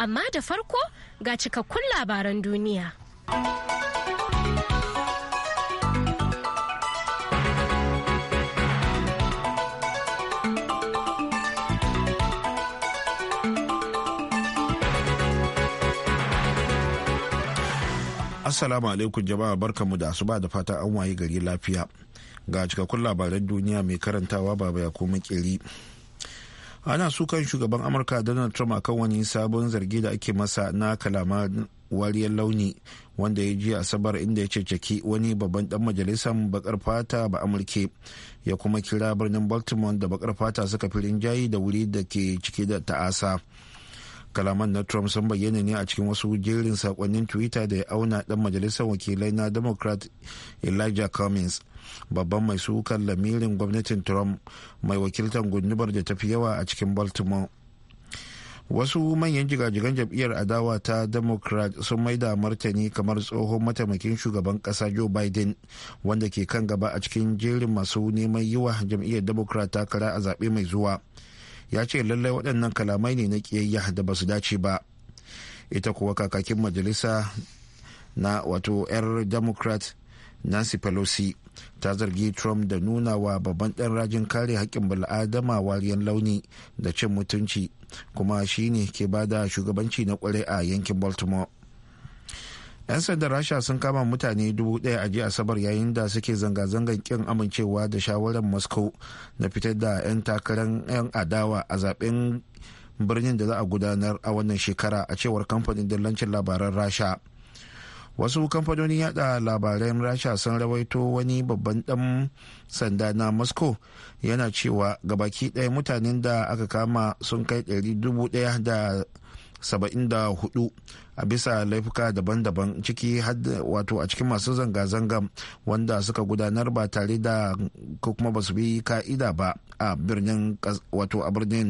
amma da farko ga cikakkun labaran duniya. Assalamu alaikum jama'a barkanmu da asuba da fata an waye gari lafiya. Ga cikakkun labaran duniya mai karantawa baba ya koma kiri. ana sukan shugaban amurka donald trump akan wani sabon zargi da ake masa na kalama wariyar launi wanda ya ji asabar inda ya ceceki wani babban dan majalisar bakar fata ba amurke ya kuma kira birnin baltimore da bakar fata suka fi rinjayi da wuri da ke cike da ta'asa kalaman na trump sun bayyana ne a cikin wasu jerin sakonnin twitter da ya auna dan majalisar wakilai na democrat elijah cummings babban mai sukan lamirin gwamnatin trump mai wakiltar gundumar da tafi yawa a cikin baltimore wasu manyan jigajigan jam'iyyar adawa ta democrat sun maida martani kamar tsohon mataimakin shugaban kasa joe biden wanda ke kan gaba a cikin jerin masu neman yiwa jam'iyyar democrat takara a zaɓe mai zuwa ya ce lallai waɗannan kalamai ne na ƙiyayya da ba su dace ba ita kuwa kakakin majalisa na wato 'yar democrat nancy pelosi ta zargi trump da nuna wa babban ɗan rajin kare haƙƙin bala'adama wariyar launi da cin mutunci kuma shi ne ke bada shugabanci na kware a yankin baltimore 'yan sandan rasha sun kama mutane dubu ɗaya a jiya asabar yayin da suke zanga-zangar kin amincewa da shawarar moscow na fitar da 'yan takarar 'yan adawa a zaben birnin da za a gudanar a wannan shekara a cewar kamfanin dillancin labaran rasha wasu kamfanonin yada labaran rasha sun rawaito wani babban dan sanda na moscow yana cewa gabaki ɗaya mutanen da aka kama sun kai 174 a bisa laifuka daban-daban ciki wato a cikin masu zanga-zanga wanda suka gudanar ba tare da ko kuma ba su bi ka'ida ba a birnin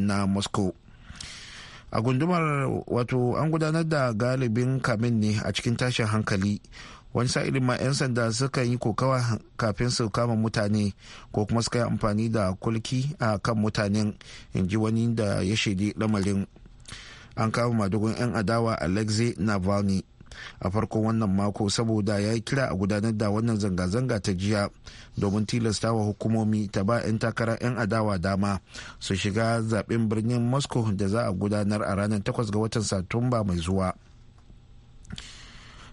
na moscow a gundumar wato an gudanar da galibin kamin ne a cikin tashin hankali wani sa'ilin ma 'yan sanda suka yi kokawa kafin su kama mutane ko kuma suka yi amfani da kulki a kan mutanen in ji wani da ya shaidi lamarin an kama madugun 'yan adawa alexei navalny a farkon wannan mako saboda ya yi kira a gudanar da wannan zanga-zanga ta jiya domin tilasta wa hukumomi ta ba 'yan takarar 'yan adawa dama su shiga zaben birnin moscow da za a gudanar a ranar 8 ga watan satumba mai zuwa.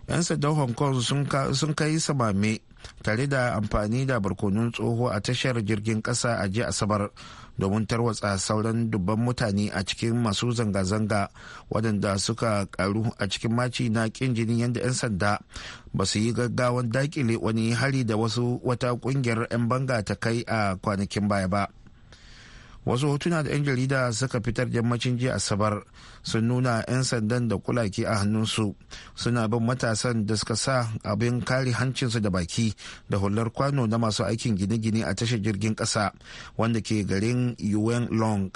'yan sandan hong kong sun kai samame tare da amfani da barkonun tsoho a tashar jirgin kasa a jiya asabar domin tarwatsa sauran dubban mutane a cikin masu zanga-zanga wadanda suka karu a cikin maci na kin jini yadda 'yan sanda ba su yi gaggawan dakile wani hari da wasu wata ƙungiyar 'yan banga ta kai a kwanakin baya ba wasu hotuna da 'yan jarida suka fitar yammacin jiya asabar sun nuna 'yan sandan da kulaki a hannunsu suna bin matasan da suka sa abin kare hancinsu da baki da hular kwano na masu aikin gine-gine a tashar jirgin kasa wanda ke garin yuen long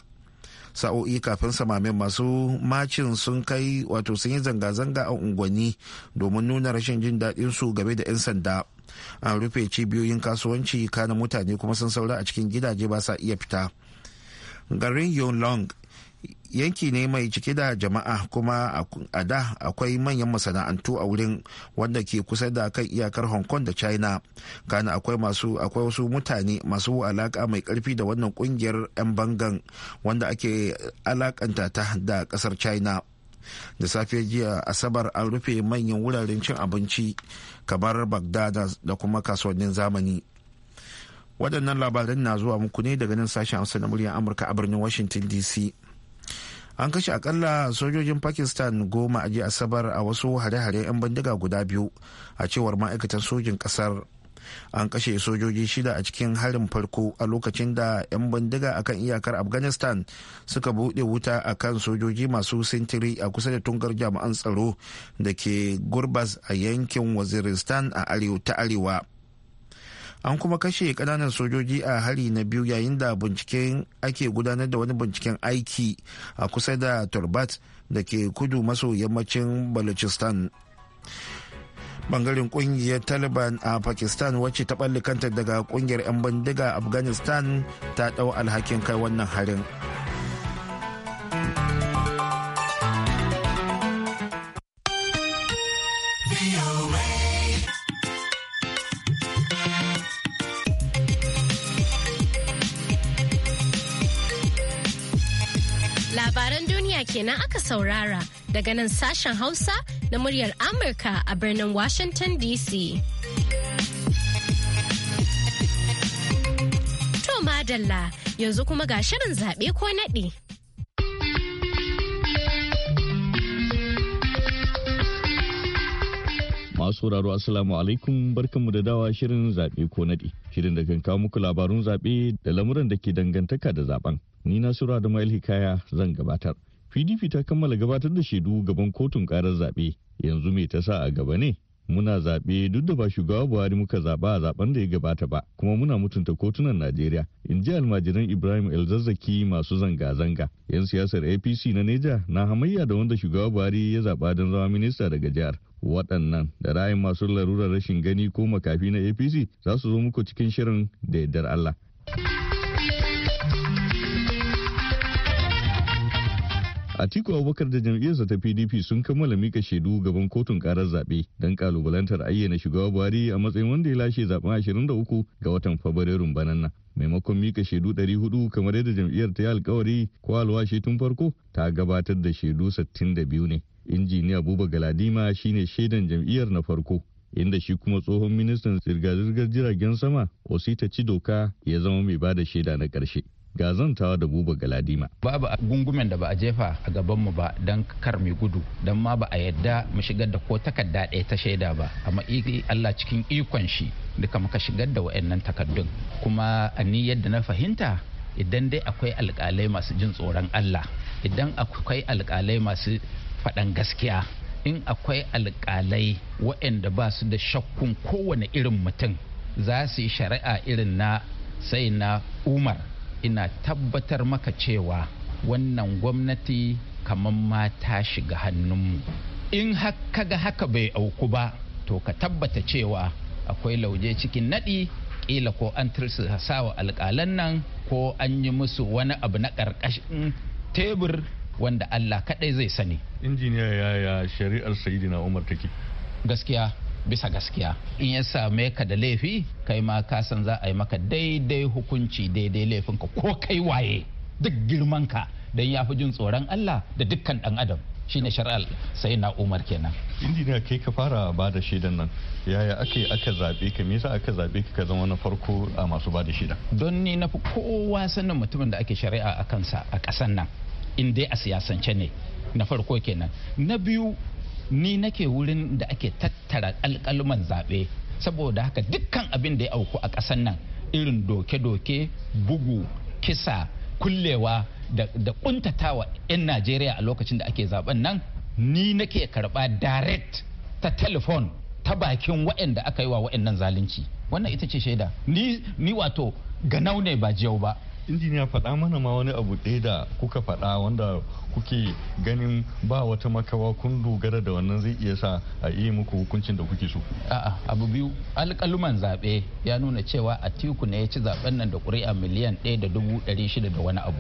sa'o'i kafin samamin masu macin sun kai wato sun yi zanga-zanga a unguwanni domin nuna rashin jin daɗin su game da 'yan sanda an rufe cibiyoyin kasuwanci kana mutane kuma sun saura a cikin gidaje ba sa iya fita garin yonlong yanki ne mai cike da jama'a kuma a da akwai manyan masana'antu a wurin wanda ke kusa da kan iyakar hong kong da china kana akwai masu akwai wasu mutane masu alaka mai karfi da wannan kungiyar 'yan bangan wanda ake alakanta ta da kasar china da safe jiya asabar an rufe manyan wuraren cin abinci kamar bagdada da kuma kasuwannin zamani waɗannan labaran na zuwa muku ne daga nan sashen amsa na muryar amurka a birnin washington dc an kashe akalla sojojin pakistan goma a asabar a wasu hare-hare 'yan bindiga guda biyu a cewar ma'aikatan sojin kasar an kashe sojoji shida a cikin harin farko a lokacin da 'yan bindiga akan iyakar afghanistan suka buɗe wuta a kan sojoji masu sintiri a kusa da tungar jami'an tsaro da ke gurbas a yankin waziristan a arewa ta arewa an kuma kashe kananan sojoji a hari na biyu yayin da binciken ake gudanar da wani binciken aiki a kusa da turbat da ke kudu maso yammacin balochistan bangaren kungiyar taliban a pakistan wacce ta kanta daga kungiyar 'yan bindiga afghanistan ta ɗau alhakin kai wannan harin kenan aka saurara daga nan sashen Hausa na muryar Amurka a birnin Washington DC. To madalla yanzu kuma ga shirin zaɓe ko naɗi. masu raro assalamu alaikum barkanmu da dawa shirin zaɓe ko naɗi shirin da kan kawo muku labarun zaɓe da lamuran da ke dangantaka da zaben ni na sura da mail hikaya zan gabatar pdp ta kammala gabatar da shaidu gaban kotun karar zaɓe yanzu mai ta sa a gaba ne muna zaɓe duk da ba shugaba buhari muka zaɓa a zaɓen da ya gabata ba kuma muna mutunta kotunan najeriya in ji almajiran ibrahim elzazzaki masu zanga-zanga yan siyasar apc na neja na hamayya da wanda shugaba buhari ya zaɓa don zama minista daga jihar waɗannan da ra'ayin masu larurar rashin gani ko makafi na apc za su zo muku cikin shirin da yardar allah Atiku Abubakar da jam'iyyarsa ta PDP sun kammala mika shaidu gaban kotun karar zaɓe don kalubalantar ayyana shugaba Buhari a matsayin wanda ya lashe zaben 23 ga watan Fabrairun banan nan. Maimakon mika shaidu hudu kamar yadda jam'iyyar ta yi alkawari ko alwashi tun farko ta gabatar da shaidu biyu ne. Injiniya Buba Galadima shine shaidan jam'iyyar na farko. inda shi kuma tsohon ministan zirga-zirgar jiragen sama osita doka ya zama mai bada shaida na ƙarshe. ga zantawa da buba galadima babu gungumen da ba a jefa a gaban mu ba don kar mai gudu don ma ba a yadda mu shigar da ko takarda ɗaya ta shaida ba amma allah cikin ikon shi duka muka shigar da wa'annan takardun kuma a ni yadda na fahimta idan dai akwai alƙalai masu jin tsoron allah idan akwai alƙalai masu faɗan gaskiya in akwai alƙalai waɗanda ba su da shakkun kowane irin mutum za su yi shari'a irin na sai na umar ina tabbatar maka cewa wannan gwamnati kamar ma ta shiga hannunmu in ga haka bai auku ba to ka tabbata cewa akwai lauje cikin naɗi kila ko an sawa alƙalan nan ko an yi musu wani abu na ƙarƙashin tebur wanda Allah kaɗai zai sani. Injiniya yaya shari'ar Sayidina Umar take. Gaskiya bisa gaskiya in ya same ka da laifi kai ma ka san za a yi maka daidai hukunci daidai laifinka ko kai waye duk girman ka don ya fi jin tsoron Allah da dukkan dan adam shine shari'ar sai na umar kenan injiniya kai ka fara ba da shaidan nan yaya aka aka zaɓe ka me yasa aka zaɓe ka ka zama na farko a masu ba da shaidan don ni na fi kowa sanin mutumin da ake shari'a a kansa a kasan nan in dai a siyasance ne na farko kenan na biyu ni nake wurin da ake tattara alkalman zaɓe saboda haka dukkan abin da ya auku a ƙasan nan irin doke-doke bugu kisa kullewa da ƙuntatawa 'yan najeriya a lokacin da ake zaben nan ni nake karɓa direct ta telefon ta bakin waɗanda aka yi wa waɗannan zalunci wannan ita ce shaida ni wato ganau ne ba jiyau ba injiniya faɗa mana ma wani abu ɗaya da kuka faɗa wanda kuke ganin ba wata makawa kun dogara da wannan zai iya sa a iya muku hukuncin da kuke so a'a abu biyu alƙaluman zaɓe ya nuna cewa atiku ne ya ci zaɓen nan da ƙuri'a miliyan ɗaya da dubu ɗari shida da wani abu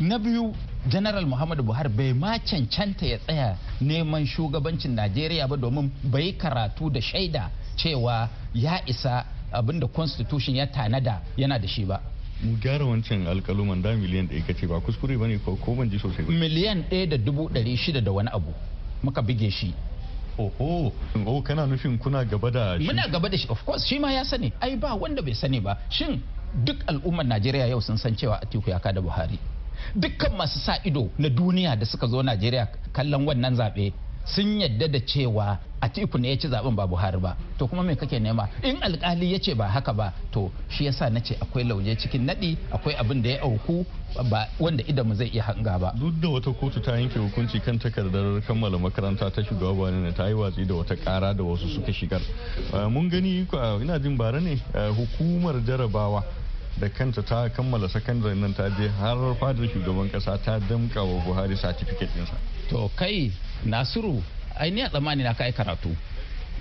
na biyu general muhammadu buhari bai ma cancanta ya tsaya neman shugabancin najeriya ba domin bai karatu da shaida cewa ya isa abinda constitution ya tanada yana da shi ba mu gyara wancan alkaluman da miliyan ɗaya kace ba kuskure bane ko ko ban ji sosai miliyan ɗaya da dubu ɗari shida da wani abu muka bige shi Oho, oh, kana nufin kuna gaba da shi? Muna gaba da shi, of course, shi ma ya sani, ai ba wanda bai sani ba. Shin duk al'ummar Najeriya yau sun san cewa Atiku ya kada Buhari. Dukkan masu sa ido na duniya da suka zo Najeriya kallon wannan zaɓe sun yadda da cewa a tiku ne ya ci zaben ba buhari ba to kuma me kake nema in alkali ya ce ba haka ba to shi yasa na ce akwai lauje cikin nadi akwai abin da ya auku ba wanda idanmu zai iya hanga ba duk da wata kotu ta yanke hukunci kan takardar kammala makaranta ta shugaba ne ta yi watsi da wata kara da wasu suka shigar uh, mun gani ina jin bara ne uh, hukumar jarabawa da kanta ta kammala sakandare nan ta je har fadar shugaban kasa ta damka wa buhari satifiket ɗinsa to kai nasiru ai ni a tsammani na kai karatu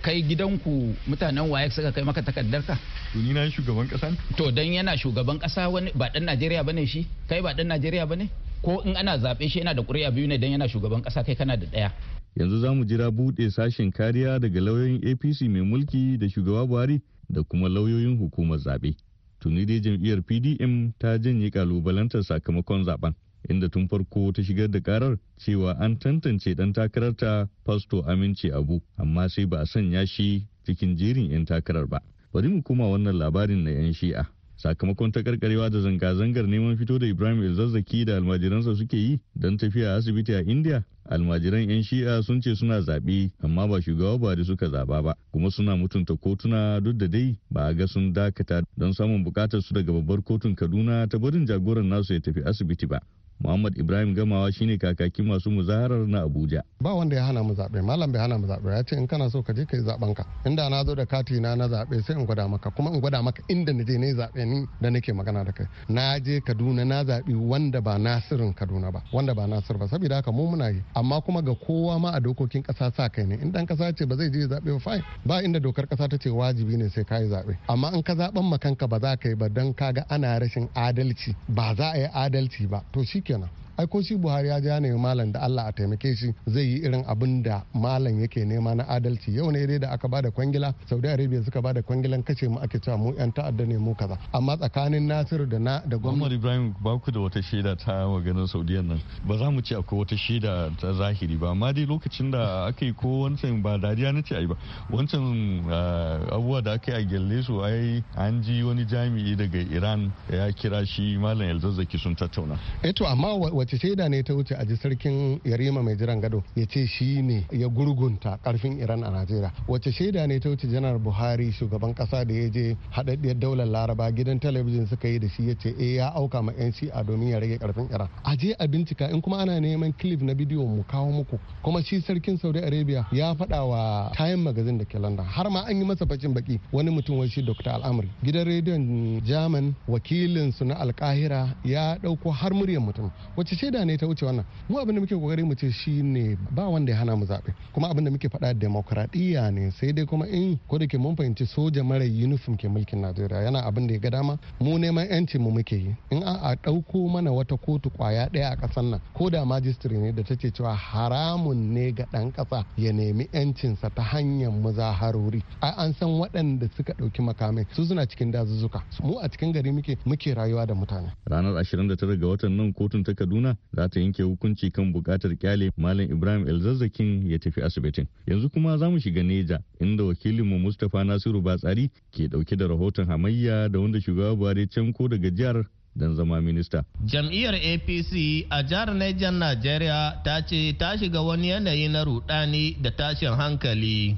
kai gidanku mutanen waye suka kai maka takardarka to ni na shugaban kasa to dan yana shugaban kasa wani ba dan Najeriya bane shi kai ba dan Najeriya bane ko in ana zaɓe shi yana da ƙuri'a biyu ne dan yana shugaban kasa kai kana da ɗaya. yanzu za mu jira buɗe sashen kariya daga lauyoyin apc mai mulki da shugaba buhari da kuma lauyoyin hukumar zaɓe tuni dai jam'iyyar pdm ta janye kalubalantar sakamakon zaben inda tun farko ta shigar da karar cewa an tantance dan takarar ta fasto aminci abu amma sai ba a sanya shi cikin jerin 'yan takarar ba bari mu koma wannan labarin na 'yan shi'a sakamakon ta karkarewa da zanga-zangar neman fito da ibrahim ilzazzaki da almajiransa suke yi don tafiya asibiti a india almajiran 'yan shi'a sun ce suna zaɓe amma ba shugaba ba da suka zaɓa ba kuma suna mutunta kotuna duk da dai ba a ga sun dakata don samun bukatar su daga babbar kotun kaduna ta barin jagoran nasu ya tafi asibiti ba Muhammad Ibrahim Gamawa shine kakakin masu muzaharar na Abuja. Ba wanda ya hana mu zaɓe, malam bai hana mu zaɓe ya ce in kana so ka je ka yi zaɓen ka. Inda na zo da kati na na zaɓe sai in gwada maka kuma in gwada maka inda na je na zaɓe ni da nake magana da kai. Na je Kaduna na zaɓi wanda ba Nasirin Kaduna ba, wanda ba Nasir ba saboda haka mu muna yi amma kuma ga kowa ma a dokokin ƙasa sa kai ne in dan ƙasa ce ba zai je zaɓe ba fine ba inda dokar ƙasa ta ce wajibi ne sai ka yi zaɓe amma in ka zaɓen ma kanka ba za ka yi ba don kaga ana rashin adalci ba za a yi adalci ba to shi Пекена. aikosi buhari ya ja nemi malam da allah a taimake shi zai yi irin abin da malam yake nema na adalci yau ne dai da aka bada kwangila saudi arabia suka bada kwangilan kace mu ake cewa mu yan ta'adda ne mu kaza amma tsakanin nasiru da na da gwamnati ibrahim ba ku da wata shaida ta maganar saudiya nan ba za mu ce akwai wata shaida ta zahiri ba amma dai lokacin da aka yi ko wancan ba dariya na ce ai ba wancan eh, abubuwa da aka yi a gyalle su ai an ji wani jami'i daga iran ya kira shi malam yalzazzaki sun tattauna eto eh amma wace shaida ne ta wuce a ji sarkin yarima mai jiran gado ya ce shi ne ya gurgunta karfin iran a najeriya wace shaida ne ta wuce janar buhari shugaban kasa da ya je haɗaɗɗiyar daular laraba gidan talabijin suka yi da shi ya ce eh ya auka ma yan shi'a domin ya rage karfin iran a je a bincika in kuma ana neman kilif na bidiyo mu kawo muku kuma shi sarkin saudi arabia ya faɗa wa tayan magazin da ke london har ma an yi masa bacin baki wani mutum wai shi dr al'amari gidan rediyon german wakilinsu na alkahira ya ɗauko har muryar mutum wace shaida ne ta wuce wannan mu abinda da muke kokari mu ce shi ne ba wanda ya hana mu zaɓe kuma abin da muke faɗa demokradiyya ne sai dai kuma in ko da ke mun fahimci soja mara uniform ke mulkin Najeriya yana abin da ya ga dama mu neman yanci mu muke yi in a a ɗauko mana wata kotu kwaya ɗaya a ƙasar nan ko da majistare ne da ta ce cewa haramun ne ga ɗan ƙasa ya nemi yancinsa ta hanyar muzaharori ai an san waɗanda suka ɗauki makamai su suna cikin dazuzzuka mu a cikin gari muke muke rayuwa da mutane ranar 29 ga watan nan kotun ta Kaduna kaduna za ta yanke hukunci kan bukatar kyale malam ibrahim elzazzakin ya tafi asibitin yanzu kuma za mu shiga neja inda wakilinmu mustapha nasiru batsari ke dauke da rahoton hamayya da wanda shugaba buhari canko daga jihar don zama minista. Jam'iyyar APC a jihar Niger Najeriya ta ce ta shiga wani yanayi na rudani da tashin hankali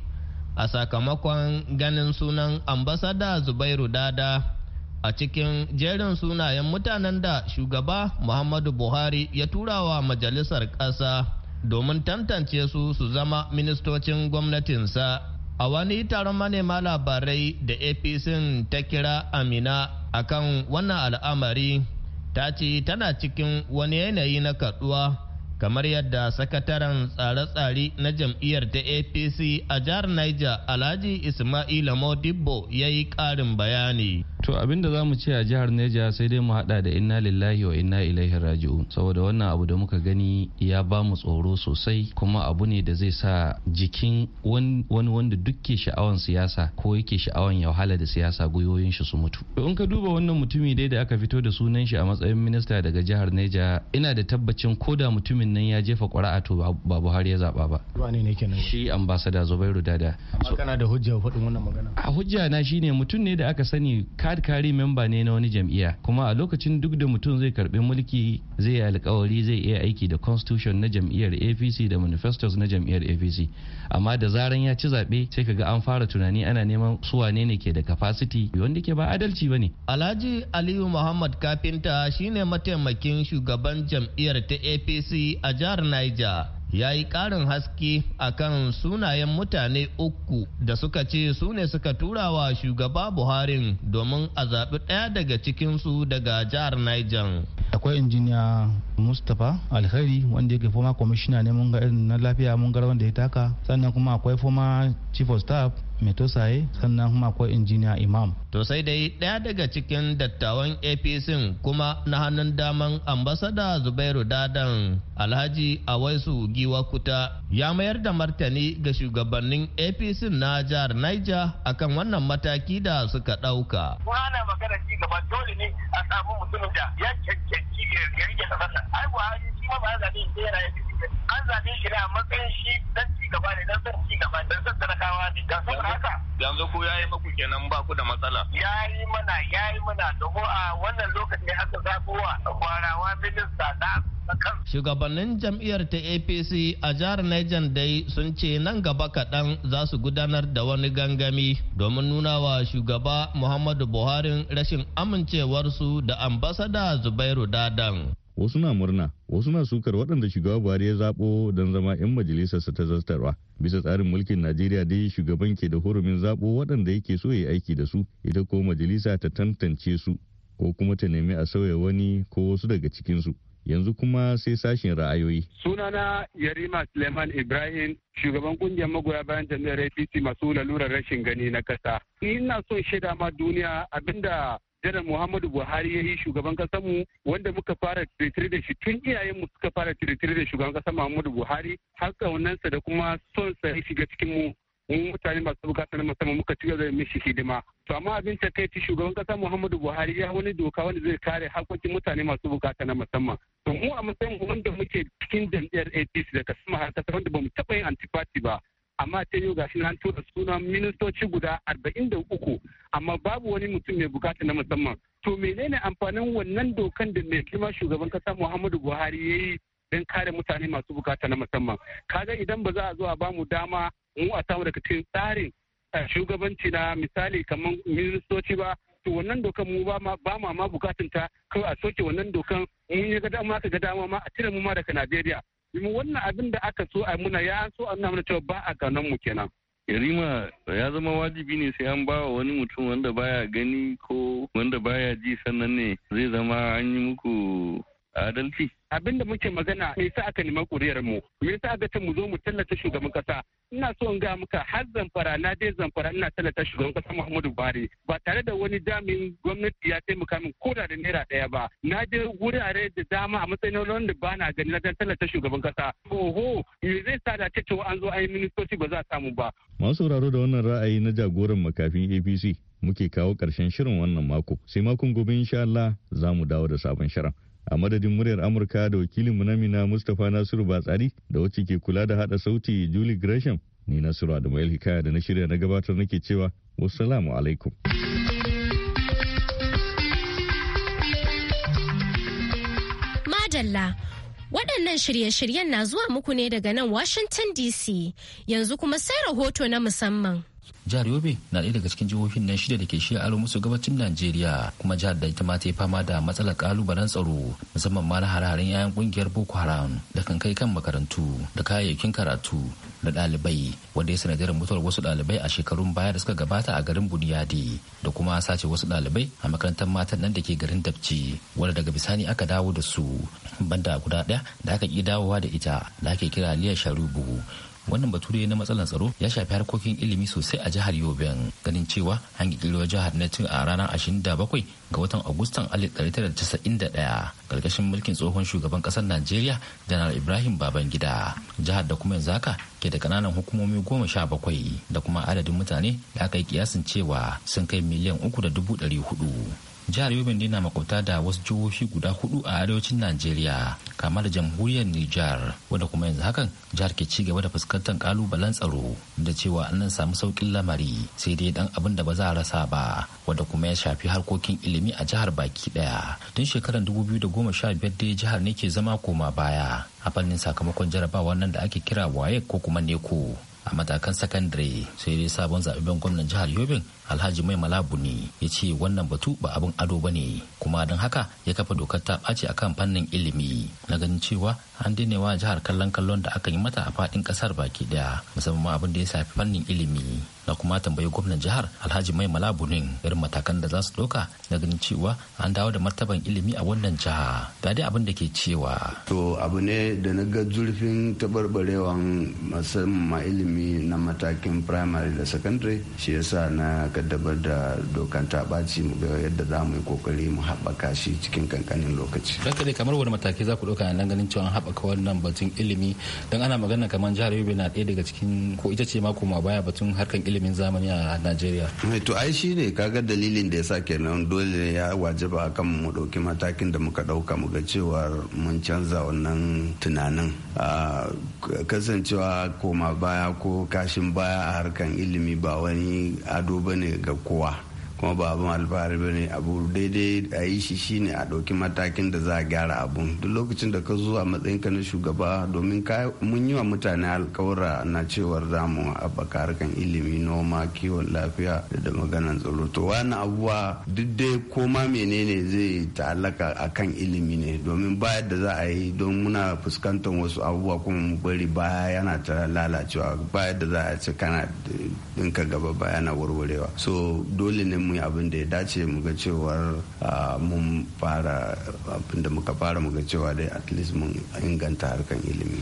a sakamakon ganin sunan ambasada Zubairu Dada a cikin jerin sunayen mutanen da shugaba Muhammadu Buhari ya turawa majalisar ƙasa domin tantance su su zama ministocin gwamnatinsa. A wani taron manema labarai da APC ta kira Amina akan wannan al'amari ta ce tana cikin wani yanayi na kaduwa kamar yadda sakataren tsare-tsare na jam'iyyar ta APC a jihar Niger Alhaji Ismaila Modibo ya yi ƙarin bayani. To abinda za mu ce a jihar Neja sai dai mu hada da inna lillahi wa inna ilaihi raji'un saboda wannan abu da muka gani ya ba mu tsoro sosai kuma abu ne da zai sa jikin wani wanda dukke sha'awan siyasa ko yake sha'awan ya wahala da siyasa gwiwoyin shi su mutu. To in ka duba wannan mutumi dai da aka fito da sunan shi a matsayin minista daga jihar Neja ina da tabbacin ko da mutumin nan ya jefa ƙuri'a to ba Buhari ya zaba ba. ne kenan. Shi ambasada Zubairu Dada. Amma kana da hujja faɗin wannan magana. A hujja na shine mutum ne da aka sani ka Ahmad Kari memba ne na wani jam'iyya kuma a lokacin duk da mutum zai karbi mulki zai alkawari zai iya aiki da constitution na jam'iyyar apc da manifestos na jam'iyyar apc amma da zaran ya ci zaɓe sai kaga an fara tunani ana neman su wane ne ke da capacity wanda ke ba adalci bane alhaji aliyu muhammad kafinta shine mataimakin shugaban jam'iyyar ta apc a jihar niger ya yi ƙarin haske a kan sunayen mutane uku da suka ce su ne suka turawa shugaba buharin domin a zaɓi ɗaya daga cikinsu daga jihar niger akwai injiniya mustapha alheri wanda yake foma kwamishina ne mun ga irin na lafiya mun ga wanda ya taka sannan kuma akwai foma chief of staff metosaye sannan kuma akwai injiniya imam to sai dai ɗaya daga cikin dattawan apc kuma na hannun daman ambasada zubairu dadan alhaji awaisu giwa kuta ya mayar da martani ga shugabannin apc na jihar niger akan wannan mataki da suka ɗauka ana magana ci gaba dole ne a samu mutumin da ya cancanci ya rike sa ai shi ma ba an zaɓe shi ne a matsayin shi dan ci gaba ne son ci gaba dan son talakawa ne dan haka yanzu ko yayi maku kenan ba ku da matsala yayi mana yayi mana domin a wannan lokacin da aka zabuwa kwarawa minista na Shugabannin jam'iyyar ta APC a jihar Niger dai sun ce nan gaba kaɗan za su gudanar da wani gangami domin nuna wa shugaba Muhammadu Buhari rashin amincewarsu da ambasada Zubairu Dadan. wasu na murna wasu na sukar waɗanda shugaba buhari ya zaɓo don zama 'yan majalisarsa ta zartarwa bisa tsarin mulkin najeriya dai shugaban ke da hurumin zaɓo waɗanda yake so ya aiki da su ita ko majalisa ta tantance su ko kuma ta nemi a sauya wani ko wasu daga cikinsu yanzu kuma sai sashen ra'ayoyi. Sunana Yarima Suleiman Ibrahim, shugaban kungiyar magoya bayan jami'ar APC masu lalurar rashin gani na kasa. Ina son shaida ma duniya abinda janar muhammadu buhari ya yi shugaban mu wanda muka fara tiritiri da shi tun iyayenmu suka fara tiritiri da shugaban kasa muhammadu buhari har ƙaunansa da kuma son sa ya shiga cikin mu mu mutane masu bukatar musamman muka ci gaba da mishi hidima to amma abin kai shugaban kasa Muhammadu Buhari ya wani doka wanda zai kare hakokin mutane masu bukata na musamman to mu a matsayin wanda muke cikin jam'iyyar APC da kasuma har kasa wanda bamu taɓa yin antipati ba amma ta yau gashi a tura sunan ministoci guda arba'in da uku amma babu wani mutum mai bukata na musamman to menene amfanin wannan dokan da mai kima shugaban kasa muhammadu buhari ya yi don kare mutane masu bukata na musamman kaga idan ba za a zo a bamu dama mu a samu daga cikin tsarin eh, shugabanci na misali kamar ministoci ba to wannan dokan mu ba ma ma bukatun ta kawai a soke wannan dokan mun yi ga dama ka ga dama ma a cire mu ma daga Najeriya wannan abin da aka so a muna ya so a nuna cewa ba a kanan mu kenan yarima ya zama wajibi ne sai an bawa wani mutum wanda baya gani ko wanda baya ji sannan ne zai zama an yi muku adalci eh, abin da muke magana me yasa aka nema kuriyar mu me yasa aka ce mu zo mu tallata shugaban kasa ina so in ga muka har zamfara na dai zamfara ina tallata shugaban kasa Muhammadu Buhari ba tare da wani jami'in gwamnati ya taimaka min ko da naira daya ba na je wurare da dama a matsayin wanda ba na gani na dan tallata shugaban kasa oho me zai sa da cewa an zo a yi ministoci ba za a samu ba masu sauraro da wannan ra'ayi na jagoran makafin APC muke kawo karshen shirin wannan mako sai makon gobe insha Allah za mu dawo da sabon shirin a madadin muryar amurka da wakilinmu na mina mustapha nasiru batsari da wacce ke kula da hada sauti julie gresham ni nasiru adamuel hikaya da na shirya na gabatar nake cewa wassalamu alaikum madalla waɗannan shirye-shiryen na zuwa muku ne daga nan washington dc yanzu kuma sai rahoto na musamman jihar yobe na ɗaya daga cikin jihohin nan shida da ke shi aro musu gabacin najeriya kuma jihar da ita ma ta yi fama da matsalar kalubalen tsaro musamman ma na hare-haren 'ya'yan kungiyar boko haram da kan kai kan makarantu da kayayyakin karatu da ɗalibai wanda ya sanadiyar mutuwar wasu ɗalibai a shekarun baya da suka gabata a garin buniyadi da kuma sace wasu ɗalibai a makarantar matan nan da ke garin dabci wanda daga bisani aka dawo da su banda guda ɗaya da aka ƙi dawowa da ita da ake kira liya sharubu wannan bature na matsalar tsaro ya shafi harkokin ilimi sosai a jihar yobe ganin cewa an kirkiro jihar na tun a ranar ashirin da bakwai ga watan agustan da da casa'in ɗaya karkashin mulkin tsohon shugaban ƙasar najeriya janar ibrahim babangida jihar da kuma yanzu haka ke da kananan hukumomi goma sha bakwai da kuma adadin mutane da aka yi kiyasin cewa sun kai miliyan uku da dubu ɗari hudu jihar yobin na makwabta da wasu jihohi guda hudu a arewacin najeriya kama da jamhuriyar nijar wanda kuma yanzu hakan jihar ke ci gaba da fuskantar kalubalen tsaro da cewa an nan samu saukin lamari sai dai dan abin da ba za a rasa ba wanda kuma ya shafi harkokin ilimi a jihar baki daya tun shekarar biyar dai jihar ne ke zama koma baya a fannin sakamakon jarabawa nan da ake kira waye ko kuma neko a matakan sakandare sai dai sabon zaɓen gwamnan jihar yobin alhaji mai malabu ne ya ce wannan batu ba abin ado ba ne kuma don haka ya kafa dokar ta a akan fannin ilimi na ganin cewa an wa jihar kallon kallon da aka yi mata a faɗin ƙasar baki ɗaya musamman abin da ya safi fannin ilimi na kuma tambayi gwamnan jihar alhaji mai malabunin irin matakan da za su ɗauka na ganin cewa an dawo da martaban ilimi a wannan jiha ga dai abin da ke cewa to abu ne da na ga zurfin taɓarɓarewan musamman ilimi na matakin primary da secondary shi yasa na kaddamar da dokan ta ɓaci mu ga yadda za mu yi kokari mu haɓaka shi cikin kankanin lokaci. Ranka ne kamar wani mataki za ku ɗauka nan ganin cewa haɓaka wannan batun ilimi don ana magana kamar jihar Yobe na ɗaya daga cikin ko ita ce mako ma baya batun harkan ilimin zamani a Najeriya. Eh, to ai shi ne kaga dalilin da ya sa kenan dole ya wajaba kan mu ɗauki matakin da muka ɗauka mu ga cewa mun canza wannan tunanin. Kasancewa koma baya ko kashin baya a harkan ilimi ba wani ado bane dole ga kowa kuma ba abin alfahari ba ne abu daidai a yi shi shine a ɗauki matakin da za a gyara abun duk lokacin da ka zo a matsayinka na shugaba domin mun yi wa mutane alkawura na cewar zamu haɓaka harkan ilimi noma kiwon lafiya da maganan tsaro to wani abuwa duk dai koma menene zai ta'allaka a kan ilimi ne domin ba da za a yi don muna fuskantar wasu abubuwa kuma mu bari baya yana ta lalacewa ba da za a ce kana ɗinka eh, gaba baya na warwarewa so dole ne mu mun yi da ya dace mu ga cewar mun fara abin da muka fara mu ga cewa dai at least mun inganta harkan ilimi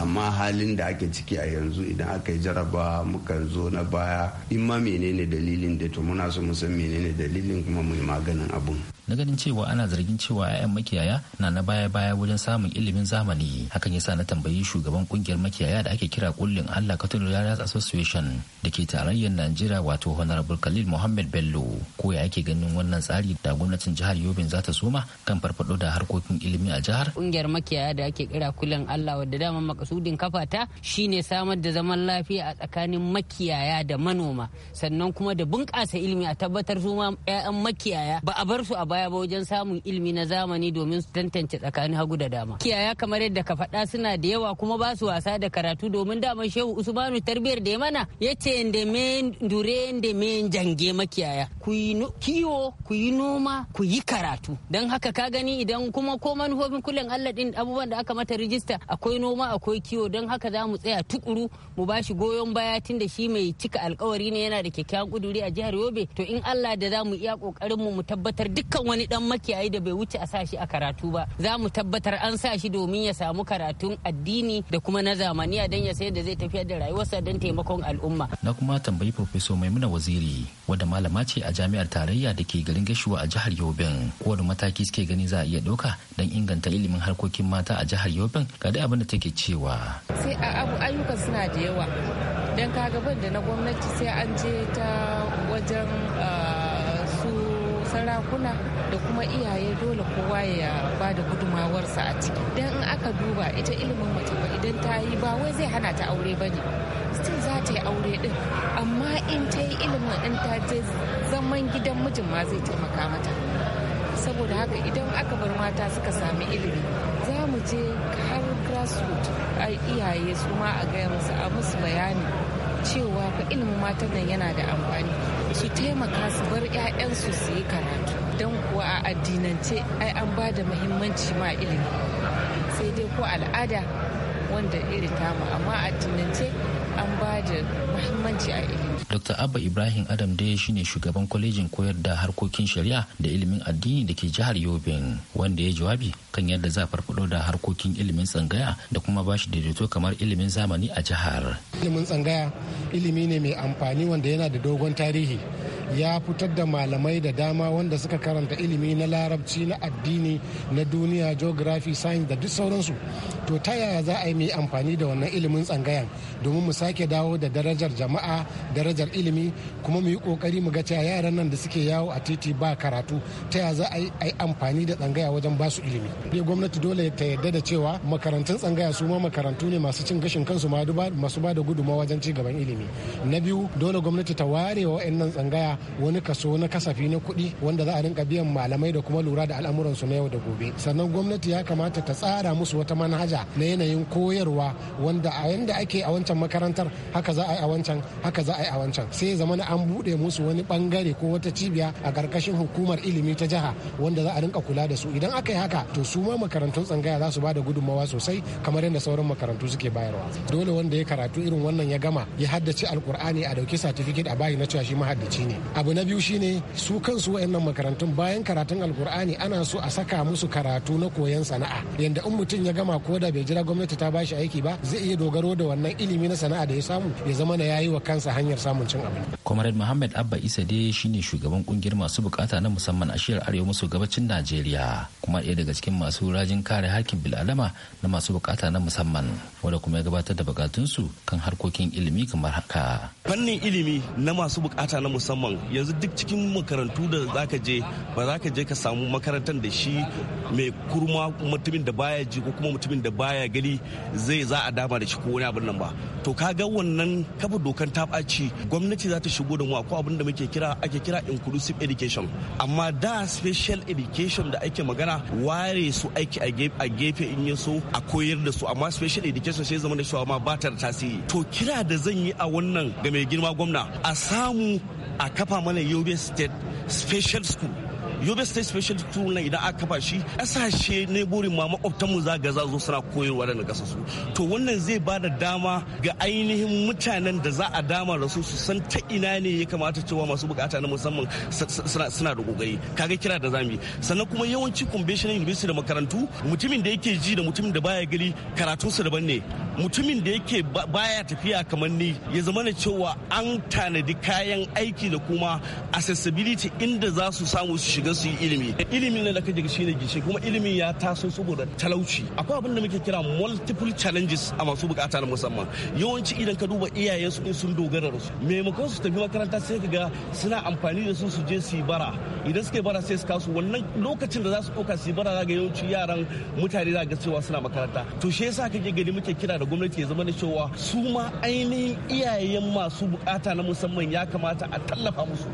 amma halin da ake ciki a yanzu idan aka yi jaraba muka zo na baya in ma menene dalilin da to muna so mu san menene dalilin kuma mu yi maganin abun na ganin cewa ana zargin cewa 'ya'yan makiyaya na na baya-baya wajen samun ilimin zamani hakan yasa na tambayi shugaban kungiyar makiyaya da ake kira kullin Allah Catholic Lawyers Association da ke tarayyar Najeriya wato Honorable Khalil Muhammad Bello ko ya ake ganin wannan tsari da gwamnatin jihar Yobin za ta soma kan farfado da harkokin ilimi a jihar kungiyar makiyaya da ake kira kullin Allah wadda dama makasudin kafata shine samar da zaman lafiya a tsakanin makiyaya da manoma sannan kuma da bunƙasa ilimi a tabbatar su ma 'ya'yan makiyaya ba a bar su a baya baya ba wajen samun ilimi na zamani domin su tantance tsakanin hagu da dama kiyaya kamar yadda ka faɗa suna da yawa kuma ba su wasa da karatu domin daman shehu usmanu tarbiyar da ya mana ya ce da me dure da me jange makiyaya ku yi kiwo ku yi noma ku yi karatu don haka ka gani idan kuma ko manufofin kullum allah din abubuwan da aka mata rijista akwai noma akwai kiwo don haka za mu tsaya tukuru mu ba shi goyon baya tun da shi mai cika alkawari ne yana da kyakkyawan kuduri a jihar yobe to in allah da za mu iya kokarin mu mu tabbatar dukkan wani dan makiyayi da bai wuce a sa shi a karatu ba za mu tabbatar an sa shi domin ya samu karatun addini da kuma na zamaniya don ya sayar da zai tafiyar da rayuwarsa don taimakon al'umma na kuma tambayi profeso maimuna waziri wadda malama ce a jami'ar tarayya da ke garin gashuwa a jihar yobin kowane mataki suke gani za a iya ɗauka don inganta ilimin harkokin mata a jihar yobin ga dai abin da take cewa sai a abu ayyuka suna da yawa don kaga da na gwamnati sai an je ta wajen ah, sarakuna da kuma iyaye dole kowa ya ba da gudumawarsa a ciki dan in aka duba ita ilimin mace ba idan ta yi ba wai zai hana ta aure ba ne still za ta yi aure din amma in ta yi ilimin in ta je zaman gidan mijin ma zai taimaka mata saboda haka idan aka bar mata suka sami ilimi za mu je har grassroot a iyaye su ma a gaya musu a musu bayani cewa ilimin matan nan yana da amfani su taimaka su bar 'ya'yansu su yi karatu don kuwa a addinance ai an ba da muhimmanci ma ilimi sai dai ko al'ada wanda irin tamu amma addinance an ba da muhimmanci a ilimi. Dr. Abba Ibrahim Adam shi ne shugaban kwalejin koyar da harkokin shari'a da ilimin addini da ke jihar Yobin wanda ya jawabi kan yadda za a farfado da harkokin ilimin tsangaya da kuma ba shi daidaito kamar ilimin zamani a jihar. Ilimin tsangaya ilimi ne mai amfani wanda yana da dogon tarihi. ya fitar da malamai da dama wanda suka karanta ilimi na larabci na addini na duniya geography science da duk sauransu to ta yaya za a yi mai amfani da wannan ilimin tsangayan domin mu sake dawo da darajar jama'a darajar ilimi kuma mu yi kokari mu ga cewa yaran nan da suke yawo a titi ba karatu ta yaya za a yi amfani da tsangaya wajen ba su ilimi ne gwamnati dole ta yarda da cewa makarantun tsangaya su ma makarantu ne masu cin gashin kansu masu ba da gudumawa wajen ci gaban ilimi na biyu dole gwamnati ta ware wa tsangaya wani kaso na kasafi na kuɗi wanda za a rinka biyan malamai da kuma lura da al'amuransu na yau da gobe sannan gwamnati ya kamata ta tsara musu wata manhaja na yanayin koyarwa wanda a yanda ake a wancan makarantar haka za a yi a wancan haka za a yi a wancan sai zama an buɗe musu wani bangare ko wata cibiya a ƙarƙashin hukumar ilimi ta jiha wanda za a rinka kula da su idan aka yi haka to su ma makarantun tsangaya za su ba da gudunmawa sosai kamar yadda sauran makarantu suke bayarwa dole wanda ya karatu irin wannan ya gama ya haddace alkur'ani a dauki satifiket a bayi na cewa shi mahaddaci ne abu na biyu shine su kansu wayannan makarantun bayan karatun alkur'ani ana so a saka musu karatu na koyon sana'a yanda in mutum ya gama ko da bai jira gwamnati ta bashi aiki ba zai iya dogaro da wannan ilimi na sana'a da ya samu ya zama na yayi wa kansa hanyar samun cin abu comrade muhammad abba isa dai shine shugaban kungiyar masu bukata na musamman a shiyar arewa maso gabacin najeriya kuma ɗaya daga cikin masu rajin kare hakkin bil'adama na masu bukata na musamman wanda kuma ya gabatar da bukatunsu kan harkokin ilimi kamar haka fannin ilimi na masu bukata na musamman yanzu duk cikin makarantu da za ka je ba za ka je ka samu makarantar da shi mai kurma mutumin da baya ji ko kuma mutumin da baya gani zai za a dama da shi ko wani abin nan ba to ka ga wannan kafa dokan ta ɓaci gwamnati za ta shigo da mu ko abin da muke kira ake kira inclusive education amma da special education da ake magana ware su aiki a gefe in ya so a koyar da su amma special education sai zama da shi ba ta da tasiri to kira da zan yi a wannan ga mai girma gwamna a samu a kafa mana yobe state special school yobe state special tool na idan aka kafa shi kasashe ne burin ma makwabtan mu zaga za zo suna koyarwa da kasa su to wannan zai ba da dama ga ainihin mutanen da za a dama da su su san ta ina ne ya kamata cewa masu bukata na musamman suna da kokari kaga kira da zami sannan kuma yawanci conventional university da makarantu mutumin da yake ji da mutumin da baya gari su daban ne mutumin da yake baya tafiya kamar ni ya zama na cewa an tanadi kayan aiki da kuma accessibility inda za su samu su shiga don su yi ilimi ilimin nan da kake shine gishe kuma ilimin ya taso saboda talauci akwai abin da muke kira multiple challenges a masu bukata na musamman yawanci idan ka duba iyayen su in sun dogara da su maimakon su tafi makaranta sai ka ga suna amfani da su su je su yi bara idan suke bara sai su kasu wannan lokacin da za su ɗauka su yi bara ga yawanci yaran mutane za ga cewa suna makaranta to shi yasa kake gani muke kira da gwamnati ya zama da cewa su ma ainihin iyayen masu bukata na musamman ya kamata a tallafa musu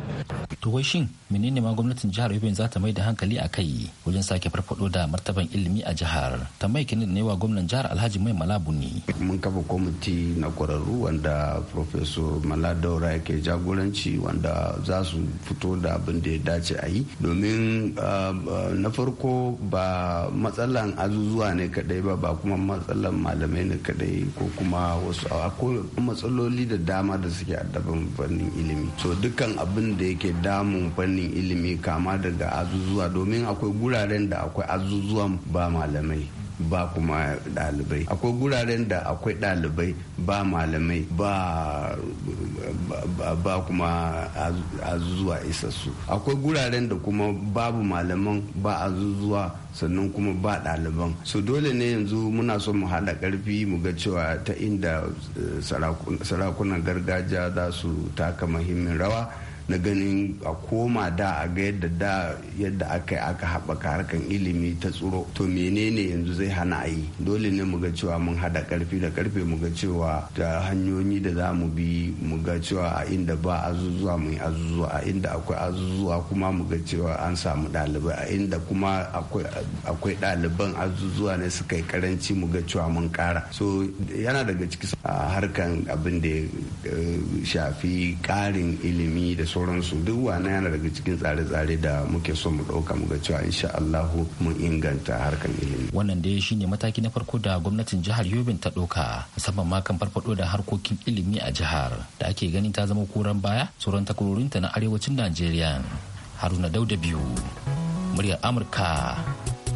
to wai shin menene ma gwamnatin jihar Yobe za ta mai da hankali a kai wajen sake farfado da martaban ilimi a jihar ta mai kinin ne wa gwamnan jihar Alhaji Mai Malabu ne mun kafa kwamiti na kwararru wanda professor Maladaura yake jagoranci wanda za su fito da abin da ya dace a yi domin ah, ah, na farko ba matsalan azuzuwa ne kadai ba ba kuma matsalan malamai ne kadai ko kuma wasu akwai matsaloli da dama da suke addaban fannin ilimi so dukkan abin da yake da samun fannin ilimi kama daga azuzuwa domin akwai guraren da akwai azuzuwan ba malamai ba kuma dalibai akwai guraren da akwai dalibai ba malamai ba ba kuma azuzuwa isassu akwai guraren da kuma babu malaman ba azuzuwa sannan kuma ba ɗaliban so dole ne yanzu muna so mu haɗa ƙarfi mu ga cewa ta inda eh, sarakunan gargajiya za su taka muhimmin rawa na ganin a koma da a ga yadda da yadda aka yi aka haɓaka harkan ilimi ta tsoro to menene yanzu zai hana a yi dole ne mu ga cewa mun hada karfi da karfe mu ga cewa da hanyoyi da za mu bi mu ga cewa a inda ba azuzuwa mu yi azuzuwa a inda akwai azuzuwa kuma mu ga cewa an samu ɗalibai a inda kuma akwai ɗaliban azuzuwa ne suka yi karanci mu ga cewa mun ƙara so yana daga cikin ah, harkan abin da ya eh, shafi ƙarin ilimi da sauransu duk wane yana daga cikin tsare-tsare da muke so mu ɗauka mu ga cewa insha Allahu mun inganta harkar ilimi. Wannan dai shine mataki na farko da gwamnatin jihar Yobin ta ɗauka musamman ma kan farfado da harkokin ilimi a jihar da ake ganin ta zama koran baya sauran takwarorinta na arewacin Najeriya. Haruna Dauda biyu muryar Amurka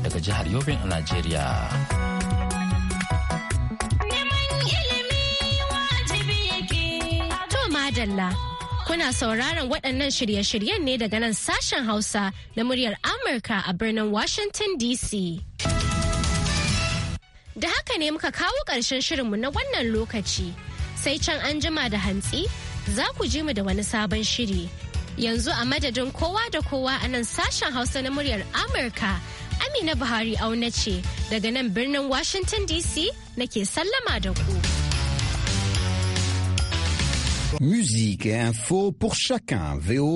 daga jihar Yobin a Najeriya. Dalla. Kuna sauraron waɗannan shirye-shiryen ne daga nan sashen Hausa na muryar Amurka a birnin Washington DC. Da haka ne muka kawo ƙarshen shirinmu na wannan lokaci, sai can an jima da hantsi za ku ji mu da wani sabon shiri. Yanzu a madadin kowa da kowa a nan sashen Hausa na muryar Amurka, Amina Buhari auna ce daga nan birnin Washington DC nake sallama da ku. Musique et info pour chacun. VO